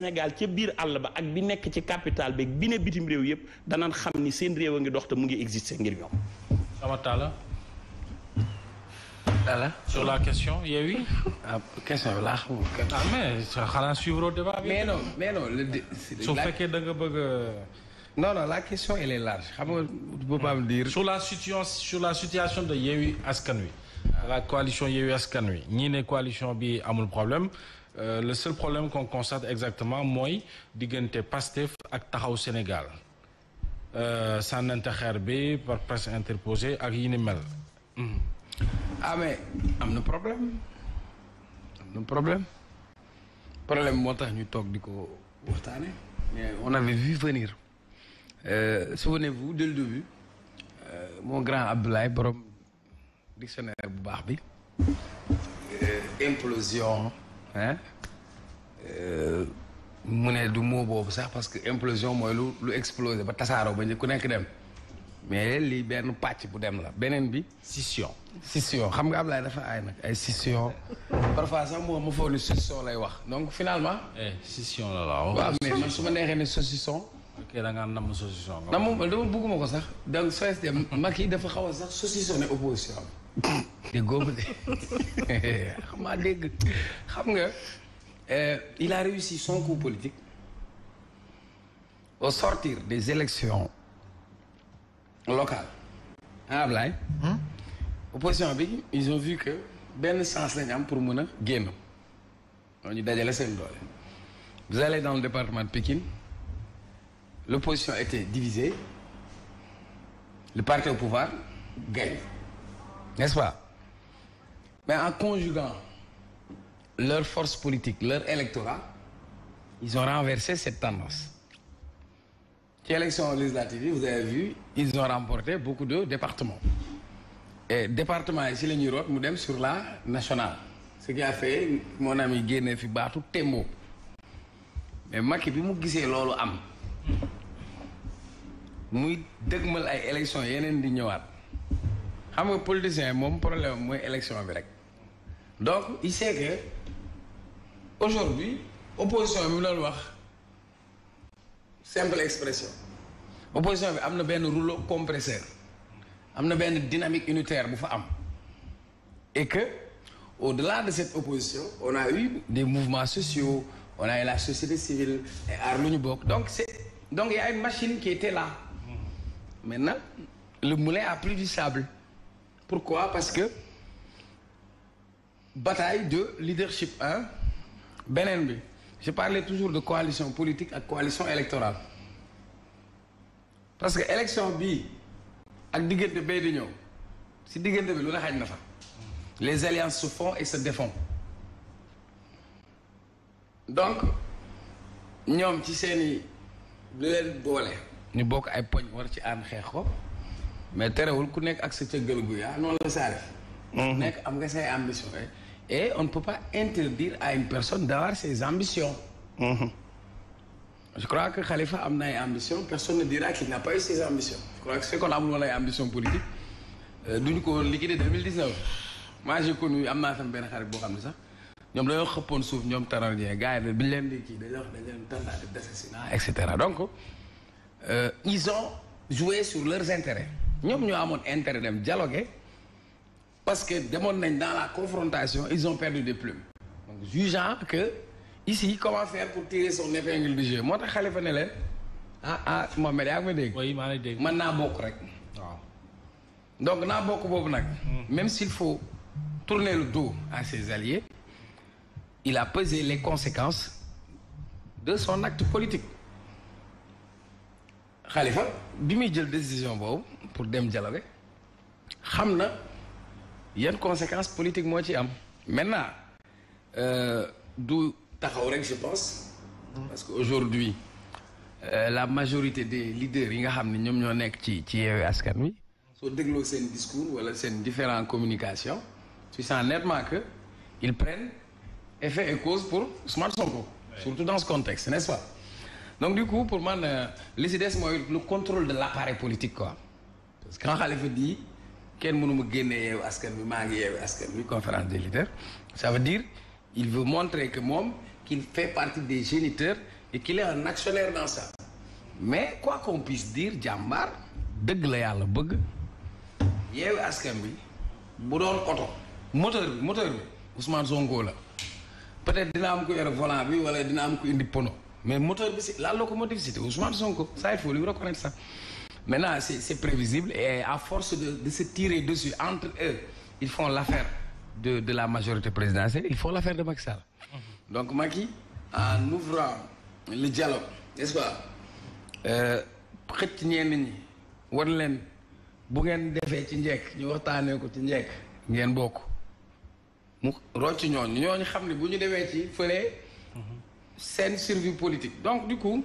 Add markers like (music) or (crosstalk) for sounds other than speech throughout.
Sénégal ci bir àll ba ak bi nek ci capital bi bi ne bitim réew da danañ xam ni seen réew a dox te mu ngi exister ngir ñom sama taala. voilà sur la question Yewwi. (laughs) ah question la xam ah mais xala suivre débat mais non mais non le so su da nga bëgg non non la question elle est large xam nga tu peux pas me dire. sur la situation sur la situation de Yewwi Askan Wi. la coalition Yewwi Askan Wi ñii ne coalition bi amul problème. Euh, le seul problème qu'on constate exactement moi, pas Pastef ak Taxaw Sénégal Ça euh, xeer bi par presse interposée ak yi mel. Mhm. ah mais a un problème am problème problème moo ñu toog di mais on avait vu venir euh, souvenez-vous dès le début euh, mon grand Abdoulaye le dictionnaire bu baax euh, implosion ah mu ne du mot boobu sax parce que implosion mooy lu lu explosé ba tasaaroo ba ñu ku nekk dem mais lii benn pàcc bu dem la beneen bi scission scission xam nga Ablaye dafa aay nag ay scission parfois sax moo ma foog ni scission lay wax donc finalement eh, scission la la waaw mais man su ma neexee ne saucisson ok da nga namm saucisson namm dama bugguma ko sax donc sooy dem mag yi dafa xaw a sax saucissonné opposition (laughs) Euh, il a réussi son coup politique au sortir des élections locales ah hein, a hmm? opposition bi ils ont vu que Ben chance pour vous allez dans le département de Pékin l'opposition était divisée le parti au pouvoir gagne n'est-ce pas Mais en conjuguant leur force politique, leur électorat, ils ont renversé cette tendance. Quelle élection législative, vous avez vu, ils ont remporté beaucoup de départements. Et département ici, les Europe, nous sommes sur la nationale. Ce qui a fait mon ami Guéné Fibatou tout tes Mais moi, qui me disais, que am. Nous, dès que élections, il y xam nga politicien moom problème mooy élection bi donc il sait que aujourd'hui opposition bi loolu wax simple expression opposition a am na rouleau compresseur am na une dynamique unitaire et que au-delà de cette opposition on a eu des mouvements sociaux on a eu la société civile et bok donc donc il y a une machine qui était là maintenant le moulin a pris du sable pourquoi Parce que bataille de leadership. Hein? bi je parlais toujours de coalition politique à coalition électorale parce que élection B, ak que bay di ñëw si bi les alliances se font et se défendent. donc nous, sommes tous les deux. Nous sommes ay mais terewul ku nekk ak sa le gël gu yaa le la mhm. eh? et on ne peut pas interdire à une personne d'avoir ses ambitions mhm. je crois que Khalifa a une ambition, ambitions personne ne dira qu'il n'a pas eu ses ambitions je crois que c'est qu'on a politique, ay ambitions politiques euh, duñu ko en 2019 moi j'ai connu am naa sama benn xarit boo xam un sax ñoom il gars yi a eu des di qui ont wax etc. d'assassinat donc euh, ils ont joué sur leurs intérêts nous avons un intérêt dem dialoguer parce que dans la confrontation ils ont perdu des plumes donc jugeant que ici comment faire pour tirer son épingle du jeu Je Khalifa ne ah ah mo mel ngi dégg. oui ma lay dégg man na bok rek. donc na bok hmm. même s'il faut tourner le dos à ses alliés. il a pesé les conséquences de son acte politique. Khalifa bi mi jël décision bon pour dem dialogue y a une conséquences politiques mo ci am maintenant euh, du taxaw rek je pense parce que aujourd'hui euh, la majorité des leaders yi nga xamni ñom ñoom ñoo ci ci askan wi so dégloo sen discours wala une différents communication, tu sens nettement que ils prennent effet et cause pour Ousmane Sonko ouais. surtout dans ce contexte n'est-ce pas donc du coup pour moi, les idées des le contrôle de l'appareil politique quoi parce que quand Khalifa dit kenn mënu ma génne yeewu askan bi maa ngi yeewu askan bi conférence des leaders ça veut dire il veut montrer que moi, qu'il fait partie des géniteurs et qu'il est un actionnaire dans ça mais quoi qu'on puisse dire jàmbaar dëgg la bug. bëgg yeewu askan bi bu doon oto moteur moteur Ousmane Sonko là. peut-être dina am ko yore volant bi wala dina am ko indi pono mais moteur bi la locomotive c'était Ousmane zongo. ça il faut lui reconnaître ça Maintenant, c'est prévisible et à force de, de, se tirer dessus entre eux, ils font l'affaire de, de, la majorité présidentielle, ils font l'affaire de Macky Sall. Mhm. Donc Macky, en ouvrant le dialogue, n'est-ce pas euh, xëc ci ñenn ñi war leen bu ngeen defee ci njekk ñu waxtaanee ko ci njekk mhm. survie politique donc du coup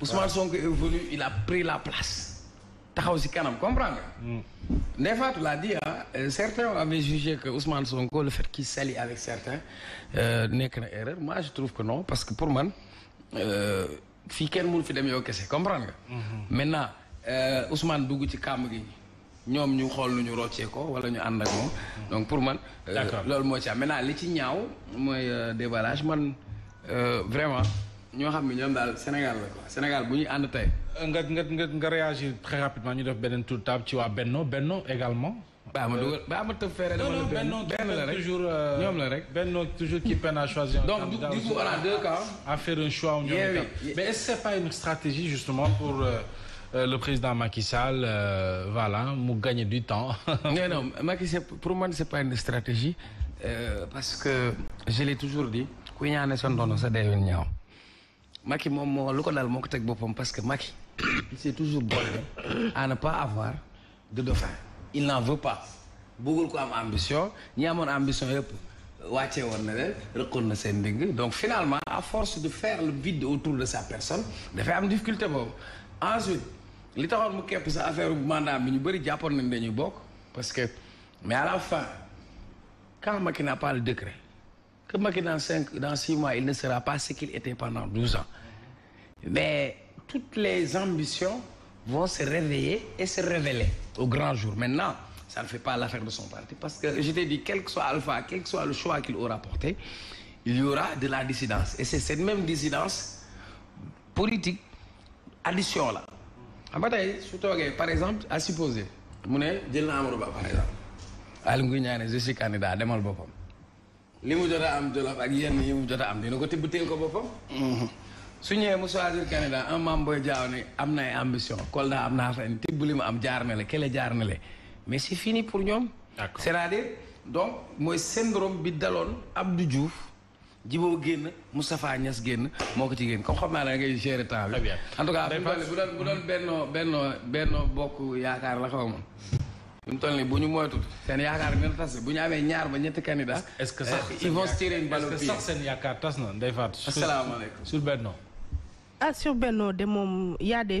Ousmane Sonko est venu il a pris la place taxaw si kanam comprendre nga. Ndeye hmm. tu l'a dit hein, euh, certains avaient jugé que Ousmane Sonko le fait qu'il s'allie avec certains euh, n'est qu'une erreur moi je trouve que non parce que pour moi, si quelqu'un mënu fi dem yow kese comprendre hmm. maintenant euh, Ousmane Dougouti Kamri, nous, gi. ñoom ñu xool lu ñu nous ko wala hmm. donc pour moi, loolu moo ci maintenant li ci ñaaw déballage man vraiment. Nous, Sénégal Sénégal très rapidement tour table Benno Benno également. Benno qui peine à choisir. donc du coup on a deux cas. Hein. à faire un choix mais ce que c'est pas une stratégie justement pour euh, euh, le président Macky Sall euh, voilà gagner du temps. (laughs) non Macky pour moi c'est pas une stratégie parce que je l'ai toujours dit ku Macky mon moo ko dal parce que Macky il s'est toujours bon à ne pas avoir de dauphin il n'en veut pas bëggul ko am ambition a une ambition yëpp wàccee woon na leen rëqoon na seen donc finalement à force de faire le vide autour de sa personne dafay am difficulté boobu ensuite li taxoon mu képp sa affaire mandat bi ñu bëri jàppoon nañ dañuy bokk parce que mais à la fin quand Maki n'a pas le décret que Macky dans dans six mois, il ne sera pas ce qu'il était pendant 12 ans. Mais toutes les ambitions vont se réveiller et se révéler au grand jour. Maintenant, ça ne fait pas l'affaire de son parti. Parce que je t'ai dit, quel que soit Alpha, quel que soit le choix qu'il aura porté, il y aura de la dissidence. Et c'est cette même dissidence politique, addition-là. Ah, bataille, par exemple, à supposer, je suis candidat, je suis candidat, li mu jot am jolof ak yenn yi mu jot am dina ko tibb téel ko boppam. Mhm. su ñëwee mu choisir Canada un membre booy jaaw ne am na ay ambition Kolda am na fa tibb li mu am jaar na le kële jaar na le mais c'est fini pour ñoom. d'accord c'est-à-dire donc mooy syndrome bi daloon Abdou Diouf. Jiboo génn Moustapha Niass génn moo ko ci génn comme xam naa da ngay gérer temps bi. en tout cas bu doon bu doon bennoo bennoo bokk yaakaar la xaw ma. ñu toll nii bu ñu moytu seen yaakaar dina tas bu ñu amee ñaar ba ñetti candidat. est-ce que sax eh, ils vont se tirer une sax seen yaakaar tas na Ndeye Fatou. asalaamaaleykum sur Benno. ah sur Benno de moom y a des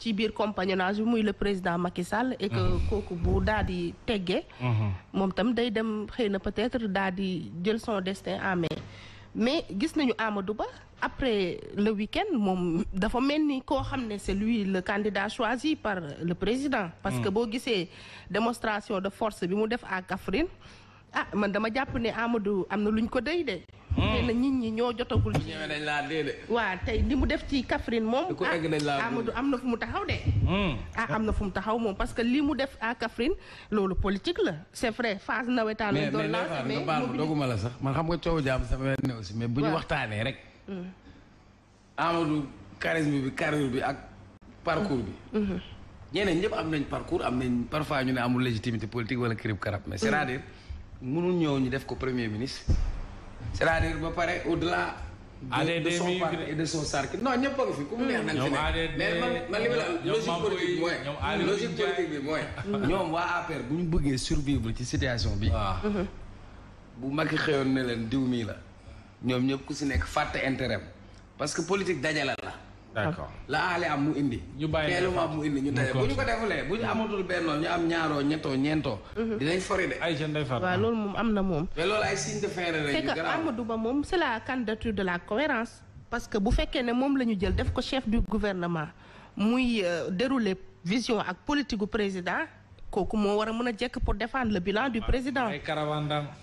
ci biir compagnonnage bi muy le président Macky Sall. et que mhm. kooku bu daal di teggee. Mhm. moom tam day dem xëy peut-être daal di jël son destin à main. mais gis nañu Amadou Ba après le week-end moom dafa mel ni koo c'est lui le candidat choisi par le président. parce mhm. que boo gisee démonstration de force bi mu def à Kaffrine ah man dama jàpp ne Amadou am na luñ ko déy de. nee hmm. na nit ñi ñoo jotagul. ñëwee dañ laa waa tey li mu def ci Kaffrine moom. ku egg dañ ah, am na fu mu taxaw de. Hmm. Ah, am na fu mu taxaw moom parce que li mu def à Kaffrine loolu politique la c'est vrai phase nawetaan lañ doon lancé. mais mais ma doguma la sax man xam nga coow jaam sama benn aussi mais bu ñu waxtaanee rek. Hmm. Amadou charisme bi carrière bi ak parcours bi. ñeneen ñëpp am nañ parcours am nañ parfois ñu ne amul légitimité politique wala crib karab mais c'est-à-dire mënul ñëw ñu def ko premier ministre. c'est-à-dire ba pare au-delà. de son parti et de son cercle. non ñëpp a ngi fi ku mu neex nañ fi hmm. ne mais ma la logique politique bi mooy. Hmm. ñoom waa affaire bu ñu bëggee survivre ci situation bi. Ah. Hmm. bu Macky xëyoon ne leen diw mii la ñoom ñëpp ku si nekk fàtte intérêt parce que politique dajala la. d'accord la aale am mu indi. ñu bàyyi keelu ma am mu indi ñu tey bu ñu ko defulee bu ñu amatul bennoo ñu am ñaaroo ñettoo ñeentoo. Mhm. dinañ fori de. waaw loolu moom am na moom. mais loolu ay signe de fin la c'est que Ba moom c'est la candidature de la cohérence parce que bu fekkee ne moom lañu ñu jël def ko chef du gouvernement muy euh, dérouler vision ak politique gu président. kooku moo war a mën a jekk pour défendre le bilan du ah, président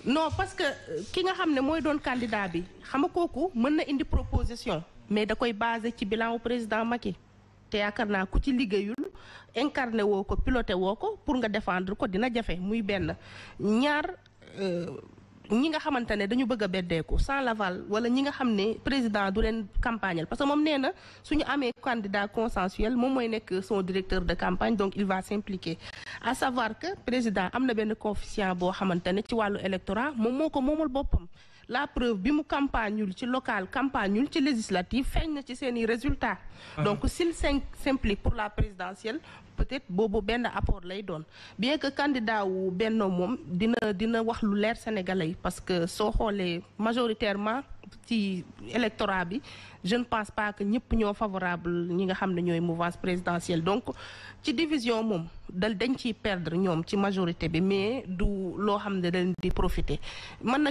non parce que euh, ki nga xam ne mooy doon candidat bi xam nga kooku mën na indi proposition mais da koy basé ci bilan wu président Macky te yaakaar naa ku ci liggéeyul incarné woo ko piloté woo ko pour nga defendre ko dina jafe muy benn ñaar euh, ñi nga xamante ne dañu bëgg a beddeeku sans l'aval wala ñi nga xam ne président du leen campagnal parce que moom nee na suñu amee candidat consensuel moom mooy nekk son directeur de campagne donc il va s'impliquer à savoir que président am na benn coefficient boo xamante ne ci wàllu électorat moom moo ko moomal boppam la preuve bi campagne campagneul ci locale, campagneul ci législative feeñ ci seni résultat ah. donc s'il s'implique pour la présidentielle peut-être boobu ben apport lay doon bien que candidat wu Benno mom dina dina wax lu leer sénégalais parce que so xolé majoritairement ci électorat bi je ne pense pas que nous ñoo favorable ñi nga xam ñoy mouvance présidentielle donc ci division mom dal dañ ci perdre ñom ci majorité bi mais du lo xam dañ di profiter man